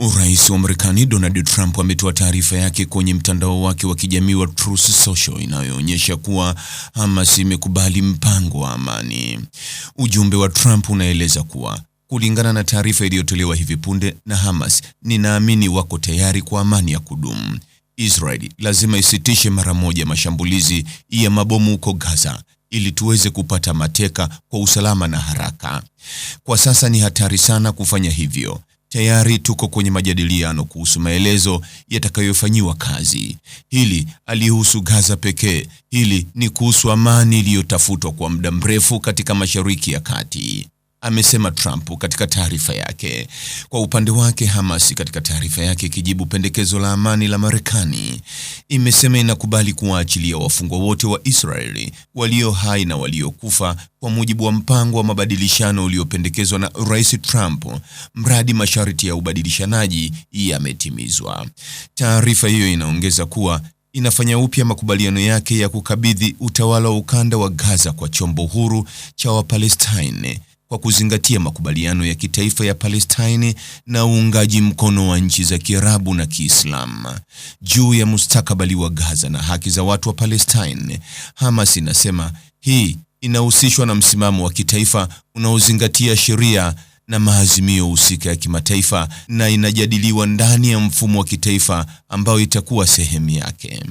Rais wa Marekani Donald Trump ametoa taarifa yake kwenye mtandao wake wa kijamii wa Truth Social inayoonyesha kuwa Hamas imekubali mpango wa amani. Ujumbe wa Trump unaeleza kuwa kulingana na taarifa iliyotolewa hivi punde na Hamas, ninaamini wako tayari kwa amani ya kudumu. israeli lazima isitishe mara moja mashambulizi ya mabomu huko Gaza ili tuweze kupata mateka kwa usalama na haraka. Kwa sasa ni hatari sana kufanya hivyo. Tayari tuko kwenye majadiliano kuhusu maelezo yatakayofanyiwa kazi. Hili alihusu Gaza pekee, hili ni kuhusu amani iliyotafutwa kwa muda mrefu katika Mashariki ya Kati amesema Trump katika taarifa yake. Kwa upande wake, Hamas katika taarifa yake ikijibu pendekezo la amani la Marekani, imesema inakubali kuwaachilia wafungwa wote wa Israeli walio hai na waliokufa kwa mujibu wa mpango wa mabadilishano uliopendekezwa na Rais Trump, mradi masharti ya ubadilishanaji yametimizwa. Taarifa hiyo inaongeza kuwa inafanya upya makubaliano yake ya kukabidhi utawala wa ukanda wa Gaza kwa chombo huru cha Wapalestina kwa kuzingatia makubaliano ya kitaifa ya Palestine na uungaji mkono wa nchi za Kiarabu na Kiislamu juu ya mustakabali wa Gaza na haki za watu wa Palestine. Hamas inasema hii inahusishwa na msimamo wa kitaifa unaozingatia sheria na maazimio husika ya kimataifa na inajadiliwa ndani ya mfumo wa kitaifa ambayo itakuwa sehemu yake.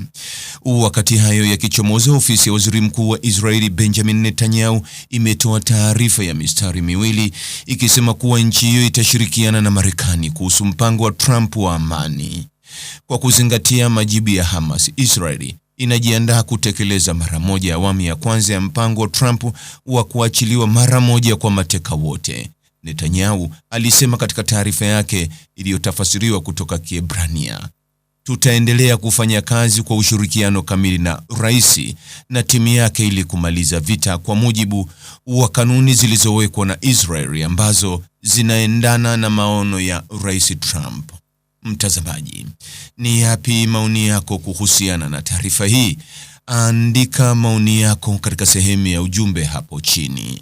Wakati hayo yakichomoza, ofisi ya waziri mkuu wa Israeli Benjamin Netanyahu imetoa taarifa ya mistari miwili ikisema kuwa nchi hiyo itashirikiana na Marekani kuhusu mpango wa Trump wa amani. Kwa kuzingatia majibu ya Hamas, Israeli inajiandaa kutekeleza mara moja awamu ya kwanza ya mpango wa Trump wa kuachiliwa mara moja kwa mateka wote. Netanyahu alisema katika taarifa yake iliyotafasiriwa kutoka Kiebrania. Tutaendelea kufanya kazi kwa ushirikiano kamili na rais na timu yake ili kumaliza vita kwa mujibu wa kanuni zilizowekwa na Israeli ambazo zinaendana na maono ya Rais Trump. Mtazamaji, ni yapi maoni yako kuhusiana na taarifa hii? Andika maoni yako katika sehemu ya ujumbe hapo chini